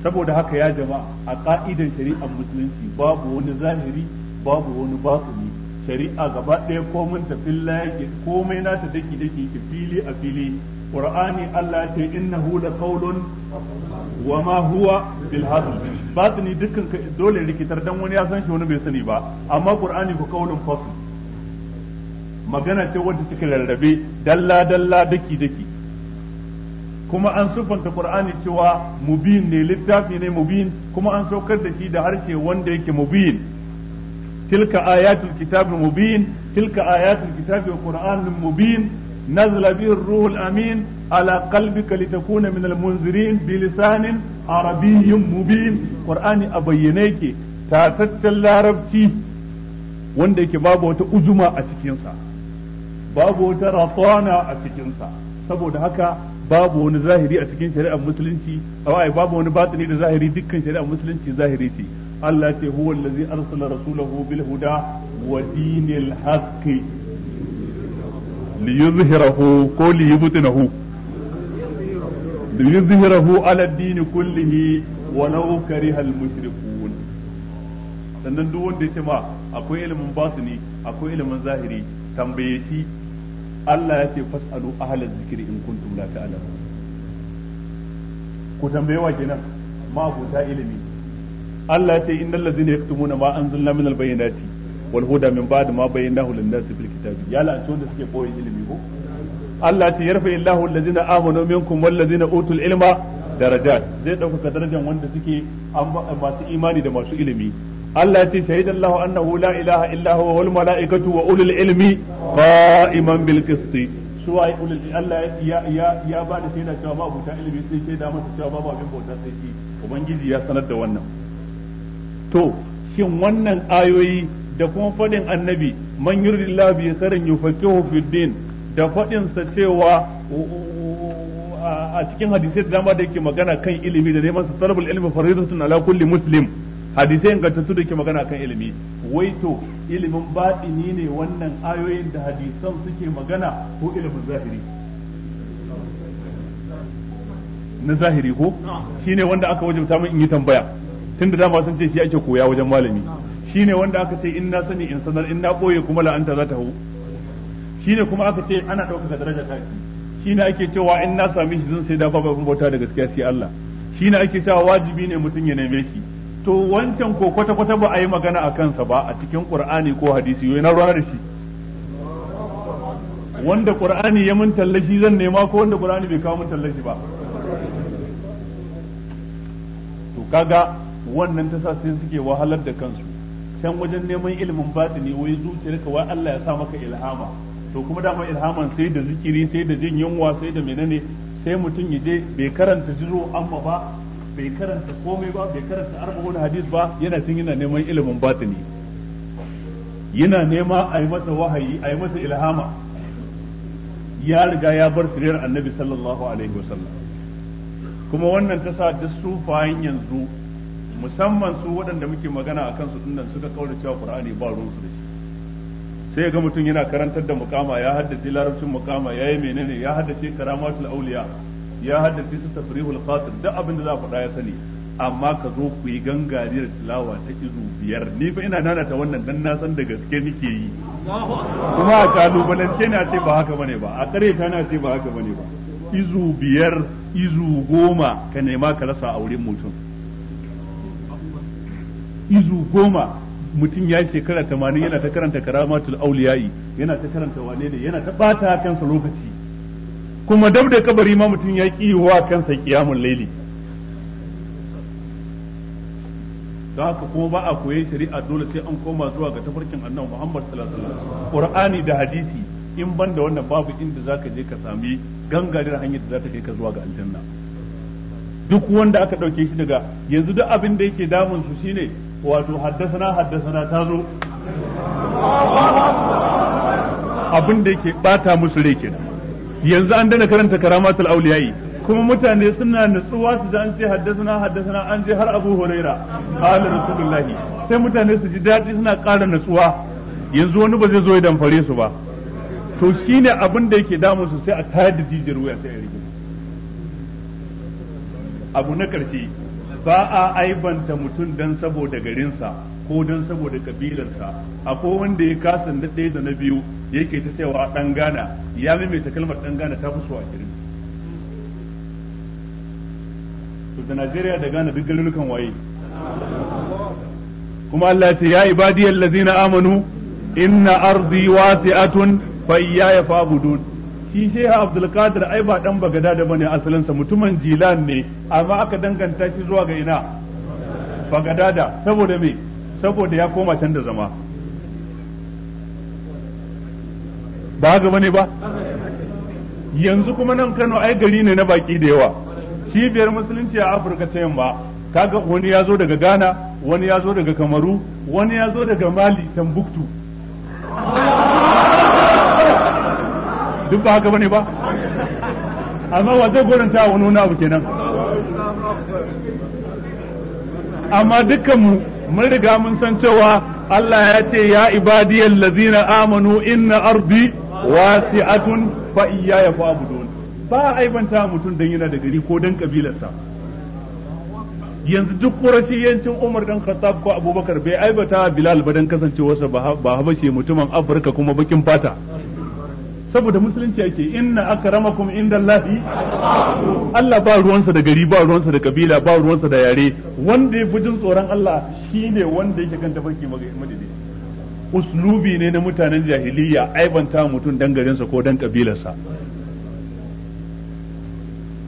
saboda haka ya jama'a a ka'idan shari'ar musulunci babu wani zahiri babu wani batini shari'a gaba ɗaya komin ta filla yake komai na ta daki daki ke fili a fili qur'ani Allah ya ce innahu laqawlun wa ma huwa bil hadl batini dukkan dole rikitar dan wani ya san shi wani bai sani ba amma qur'ani ku kaulun fasl magana ce wadda take rarrabe dalla dalla daki daki kuma an sufanta qur'ani cewa mubin ne littafi ne mubin kuma an saukar da shi da harshe wanda yake mubin tilka ayatul kitab mubin tilka ayatul kitab qur'anil mubin nazala bihi ruhul amin على قلبك لتكون من المنذرين بلسان عربي مبين قرآن أبينيك تاتتل لاربتي wanda yake babu wata uzuma a cikinsa babu wata ratana a cikinsa saboda haka babu wani zahiri a cikin shari'ar musulunci ai babu wani batini da zahiri dukkan shari'ar musulunci zahiri ce Allah ce huwa allazi arsala rasulahu bil huda wa dinil haqqi liyuzhirahu ko liyubtinahu liyuzhirahu ala ad-din kullihi walau kariha al-mushrikun sannan duk wanda yace ma akwai ilimin batini akwai ilimin zahiri tambaye shi Allah ya ce fasalu ahla zikri in kuntum la ta'lamun ku tambaye wa kenan ma ku ta ilimi Allah ya ce innal ladzina yaktumuna ma anzalna min al-bayyinati wal huda min ba'd ma bayyanahu lin-nasi fil kitabi ya la'anci wanda suke koyi ilimi ko Allah ta yarfa illahu allazina amanu minkum wallazina utul ilma darajat zai dauka darajar wanda suke masu imani da masu ilimi Allah ya ce shahidallahu annahu la ilaha illa huwa wal malaikatu wa ulul ilmi qa'iman bil qisti suwaye ulul Allah ya ya ya ba da shaida cewa ma ta ilimi sai shaida masa cewa babu abin bauta sai shi ubangiji ya sanar da wannan to shin wannan ayoyi da kuma fadin annabi man yuridillahu bi khairin yufaqihu fid din da faɗinsa cewa a cikin hadisai da dama da yake magana kan ilimi da neman sa talabul ilmi faridatun ala kulli muslim hadisai ingantattu da ke magana kan ilimi wai to ilimin batini ne wannan ayoyin da hadisan suke magana ko ilimin zahiri na zahiri ko shine wanda aka wajabta min in yi tambaya tunda dama sun ce shi ake koya wajen malami shine wanda aka ce in na sani in sanar in na koye kuma la'anta za ta hau shine kuma aka ce ana ɗaukaka daraja ta shine ake cewa in na sami shi zan sai da babu abin bauta da gaskiya sai Allah shine ake cewa wajibi ne mutum ya neme shi to wancan ko kwata kwata ba a yi magana a kansa ba a cikin Qur'ani ko hadisi yoyi na ruwa da shi wanda Qur'ani ya mun tallashi zan nema ko wanda Qur'ani bai kawo mun tallashi ba to kaga wannan ta sa sai suke wahalar da kansu can wajen neman ilimin batini wai zuciyarka wai Allah ya sa maka ilhama to kuma dama ilhaman sai da zikiri sai da jin yunwa sai da menene sai mutum ya je bai karanta jiro amma ba bai karanta komai ba bai karanta arba'un hadis ba yana tun yana neman ilimin batini yana nema a yi masa wahayi a yi masa ilhama ya riga ya bar firiyar annabi sallallahu alaihi wasallam kuma wannan ta sa duk sufayen yanzu musamman su waɗanda muke magana a kansu dinnan suka kaura cewa Kur'ani ba ruwansu da shi sai ga mutum yana karantar da mukama ya haddace larabcin mukama ya yi menene ya haddace karamatul auliya ya haddace su tafrihul khatir duk abin da za a faɗa ya sani amma ka zo ku yi gangariyar tilawa ta izu biyar ni fa ina nanata wannan dan na san da gaske nake yi kuma a kalubalance na ce ba haka bane ba a kare ta na ce ba haka bane ba izu biyar izu goma ka nema ka rasa a wurin mutum izu goma mutum ya yi shekara tamanin yana ta karanta karamatul auliyayi yana ta karanta wane ne yana ta bata kansa lokaci kuma dab da kabari ma mutum ya ki wa kansa kiyamun laili don haka kuma ba a koyi shari'a dole sai an koma zuwa ga tafarkin annabi Muhammad sallallahu alaihi wasallam Qur'ani da hadisi in ban da wannan babu inda zaka je ka sami gangarin hanyar da za ta kai ka zuwa ga aljanna duk wanda aka ɗauke shi daga yanzu duk abin da yake damun su shine wato haddasana haddasana ta zo abin da yake bata musu rai kenan yanzu an dana karanta karamatul auliyai kuma mutane suna nutsuwa su ji an ce haddasana haddasana an je har abu huraira qala rasulullahi sai mutane su ji daɗi suna ƙara nutsuwa yanzu wani ba zai zo ya damfare su ba to shine abin da yake damun su sai a tayar da jijiyar wuya sai a rike abu na ƙarshe ba a aibanta mutum don saboda garinsa ko don saboda kabilarsa akwai wanda ya kasa da ɗaya da na biyu yake ta a ɗan gana ya maimaita kalmar ɗan gana ta fusu kirin to da Najeriya da Ghana duk garurukan waye kuma Allah ya ce ya ibadiyar lazina amanu inna ardi wasi'atun fa iyaya fa'budun shi shehu abdulkadir ai ba dan bagada da bane asalinsa mutumin jilan ne amma aka danganta shi zuwa ga ina da saboda me saboda ya koma can da zama ba haka bane ba yanzu kuma nan Kano ai gari ne na baki da yawa cibiyar musulunci a Afirka ta yamma kaga wani ya zo daga Gana wani ya zo daga Kamaru wani ya zo daga Mali Tambuktu duk ba haka bane ba amma wa zai goranta wani nuna abu kenan amma dukkan mu mun riga mun san cewa Allah ya ce ya ibadiyal ladina amanu inna ardi wasi'atun fa iyaya fa'budun ba aibanta mutum dan yana da gari ko dan kabilarsa yanzu duk yancin Umar dan Khattab ko Abubakar bai aibata Bilal ba dan kasancewarsa ba habashe mutumin Afirka kuma bakin fata saboda musulunci ake inna akramakum indallahi Allah ba ruwansa da gari ba ruwansa da kabila ba ruwansa da yare wanda ya jin tsoron Allah shine wanda yake ganta tafarki madadi uslubi ne na mutanen jahiliya aibanta mutum dan garinsa ko dan kabilarsa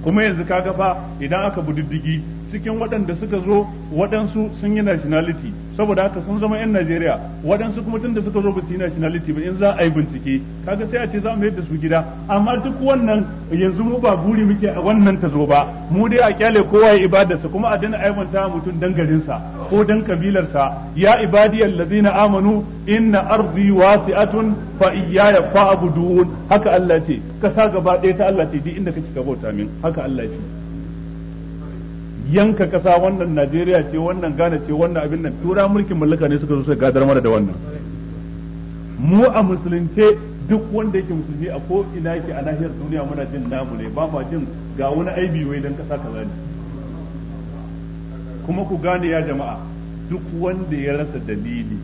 kuma yanzu kaga fa idan aka bi cikin waɗanda suka zo waɗansu sun yi nationality saboda haka sun zama yan Najeriya waɗansu kuma da suka zo su yi nationality ba in za a yi bincike kaga sai a ce za mu yadda su gida amma duk wannan yanzu mu ba buri muke a wannan ta zo ba mu dai a kyale kowa ya ibadarsa kuma a dana aibanta mutum dan garinsa ko dan kabilarsa ya ibadiyal na amanu inna ardi wasi'atun fa iyaya fa'budun haka Allah ce kasa gaba ɗaya ta Allah ce duk inda kake ka bauta min haka Allah ce yanka kasa wannan Najeriya ce wannan Ghana ce wannan abin nan tura mulkin mallaka ne suka zo suka gadar mana da wannan mu a musulunce duk wanda yake musulmi a ko ina yake a nahiyar duniya muna jin namu ne ba ma jin ga wani aibi wai dan kasa kaza ne kuma ku gane ya jama'a duk wanda ya rasa dalili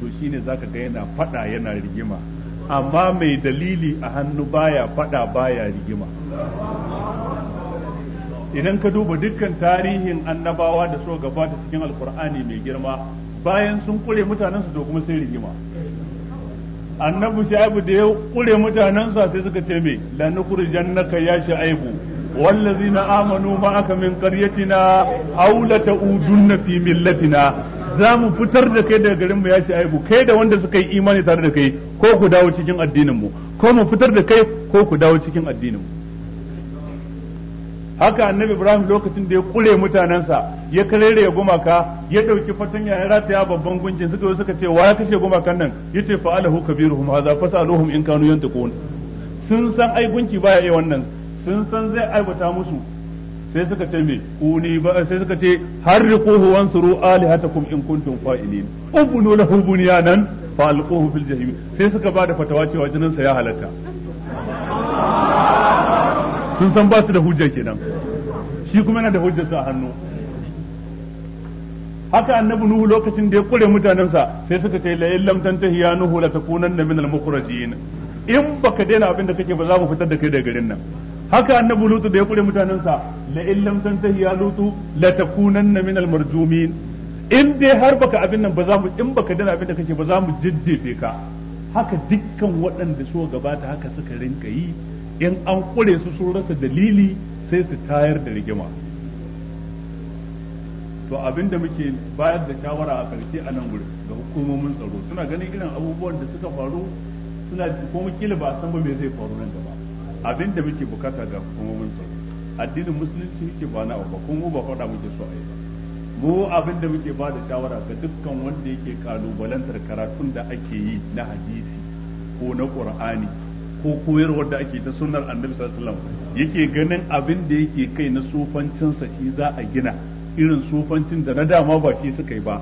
to shine zaka ga yana fada yana rigima amma mai dalili a hannu baya fada baya rigima idan ka duba dukkan tarihin annabawa da suka gabata cikin alkur'ani mai girma bayan sun kure mutanensu to kuma sai rigima annabi shaibu da ya kure mutanensa sai suka ce mai lanukuri jannaka ya shaibu na amanu aka min karyatina aw la ta'udunna fi millatina za mu fitar da kai daga garinmu ya ya aibu kai da wanda suka yi imani tare da kai ko ku dawo cikin addinin mu ko mu fitar da kai ko ku dawo cikin addinin haka annabi ibrahim lokacin da ya kure mutanensa ya karere gumaka ya dauki fatanya ya rataya babban gunjin suka zo suka ce wa ya kashe gumakan nan yace fa alahu kabiruhum hadha fasaluhum in kanu yantakun sun san ai gunki baya yi wannan sun san zai aibata musu sai suka ce me kuni ba sai suka ce harriquhu wansuru alihatakum in kuntum fa'ilin ubnu lahu bunyanan fa alquhu fil jahim sai suka bada fatawa cewa jinin sa ya halatta sun san ba su da hujja kenan shi kuma yana da su a hannu haka annabi nuhu lokacin da ya kure mutanensa sai suka ce la illam tantahi ya nuhu la min al mukhrajin in baka daina abin da kake ba za mu fitar da kai daga garin nan haka annabi lutu da ya kure mutanensa la illam tantahi ya lutu la min al marjumin in dai har baka abin nan ba za mu in baka daina abin da kake ba za mu jijjefe ka haka dukkan waɗanda so gabata haka suka rinka yi in an ƙure su sun rasa dalili sai su tayar da rigima to abin da muke bayar da shawara a ƙarshe a nan gurin ga hukumomin tsaro suna ganin irin abubuwan da suka faru suna kuma kila ba a san ba me zai faru nan gaba abin da muke bukata ga hukumomin tsaro addinin musulunci yake ba na ba kuma ba faɗa muke so a yi ba mu abin da muke ba da shawara ga dukkan wanda yake kalubalantar karatun da ake yi na hadisi ko na qur'ani ko koyarwar da ake ta sunnar annabi sallallahu alaihi wasallam yake ganin abin da yake kai na sufancin sa shi za a gina irin sufancin da na dama ba shi suka yi ba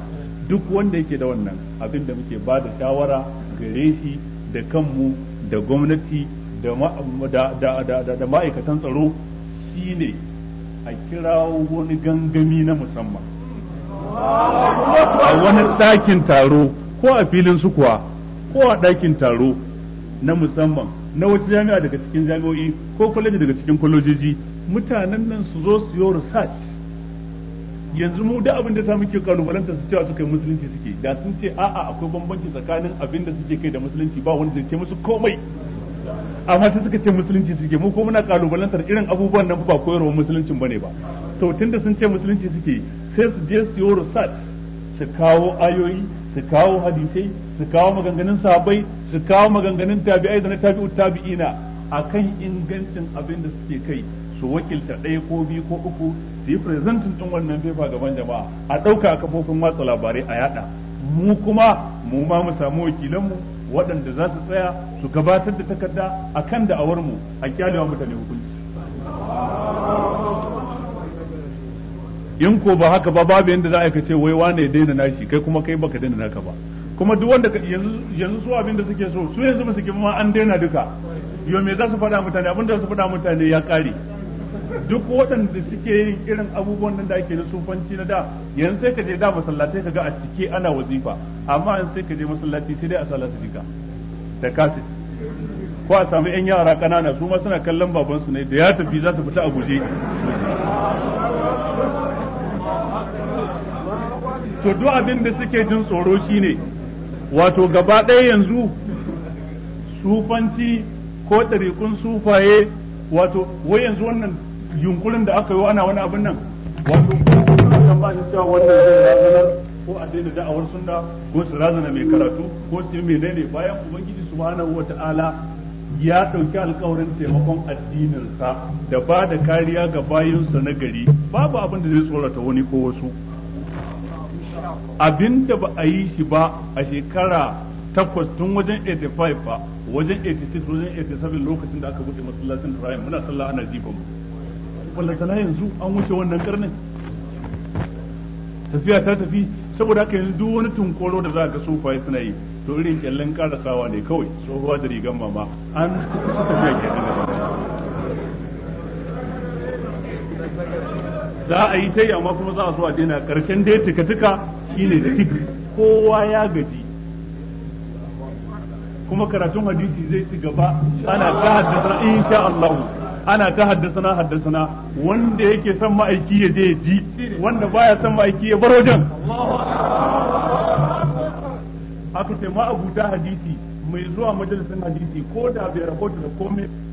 duk wanda yake da wannan abin da muke ba da shawara gare shi da kanmu da gwamnati da ma'aikatan tsaro shine a kirawo wani gangami na musamman a wani ɗakin taro ko a filin sukuwa ko a ɗakin taro na musamman na wata jami'a daga cikin jami'o'i ko kwaleji daga cikin kwalejoji mutanen nan su zo su yi research yanzu mu da abin da ta muke balanta su cewa suka yi musulunci suke da sun ce a'a akwai bambanci tsakanin abin da suke kai da musulunci ba wani zai ce musu komai amma sai suka ce musulunci suke mu ko muna kalubalantar irin abubuwan nan ba koyarwa musuluncin bane ba to tunda sun ce musulunci suke sai su je su yi research su kawo ayoyi su kawo hadisai su kawo maganganun sabai su kawo maganganun tabi'ai da na tabi'u tabi'ina kan ingancin abin da suke kai su wakilta ɗaya ko biyu ko uku su yi presentin ɗin wannan fefa gaban jama'a a ɗauka a kafofin watsa labarai a yaɗa mu kuma mu ma mu samu wakilanmu waɗanda za su tsaya su gabatar da takarda a akan da'awarmu a kyalewa mutane hukunci in ko ba haka ba babu yadda za a ka ce wai wane daina nashi kai kuma kai baka daina naka ba kuma duk wanda yanzu su abin da suke so su yanzu masu su ma an daina duka yo me za su faɗa mutane abin da su faɗa mutane ya ƙare duk waɗanda suke yin irin abubuwan nan da ake na sufanci na da yanzu sai ka je da masallatai ka ga a cike ana wazifa amma yanzu sai ka je masallaci sai dai a salatu jika da kasit ko a samu yan yara ƙanana su ma suna kallon babansu ne da ya tafi za su fita a guje to duk abin da suke jin tsoro shine wato gaba ɗaya yanzu sufanci ko ɗarikun sufaye wato wai yanzu wannan yunkurin da aka yi ana wani abin nan wato ba shi cewa wannan zai ko a daina da'awar sunna ko su razana mai karatu ko su yi menene bayan ubangiji subhanahu wata'ala ya ɗauki alkawarin taimakon addininsa da ba da kariya ga bayansa na gari babu abin da zai tsorata wani ko wasu abinda ba a yi shi ba a shekara takwas tun wajen 85 ba wajen 86 wajen 87 lokacin da aka buɗe masallacin Ibrahim muna sallah ana jiban mu wallahi yanzu an wuce wannan karnin tafiya ta tafi saboda haka yanzu duk wani tunkoro da za ka sofaye suna yi to irin kyallen karasawa ne kawai tsohuwa da rigan mama an kusa tafiya kenan za a yi ta yi amma kuma za a so a daina karshen dai tuka tuka shine da tik kowa ya gaji kuma karatun hadisi zai ci gaba ana ta haddasa insha Allah ana ta haddasa na wanda yake son ma'aiki ya je ya ji wanda baya son ma'aiki ya bar wajen haka sai ma'abuta hadisi mai zuwa majalisar hadisi ko da bai rahoto da komai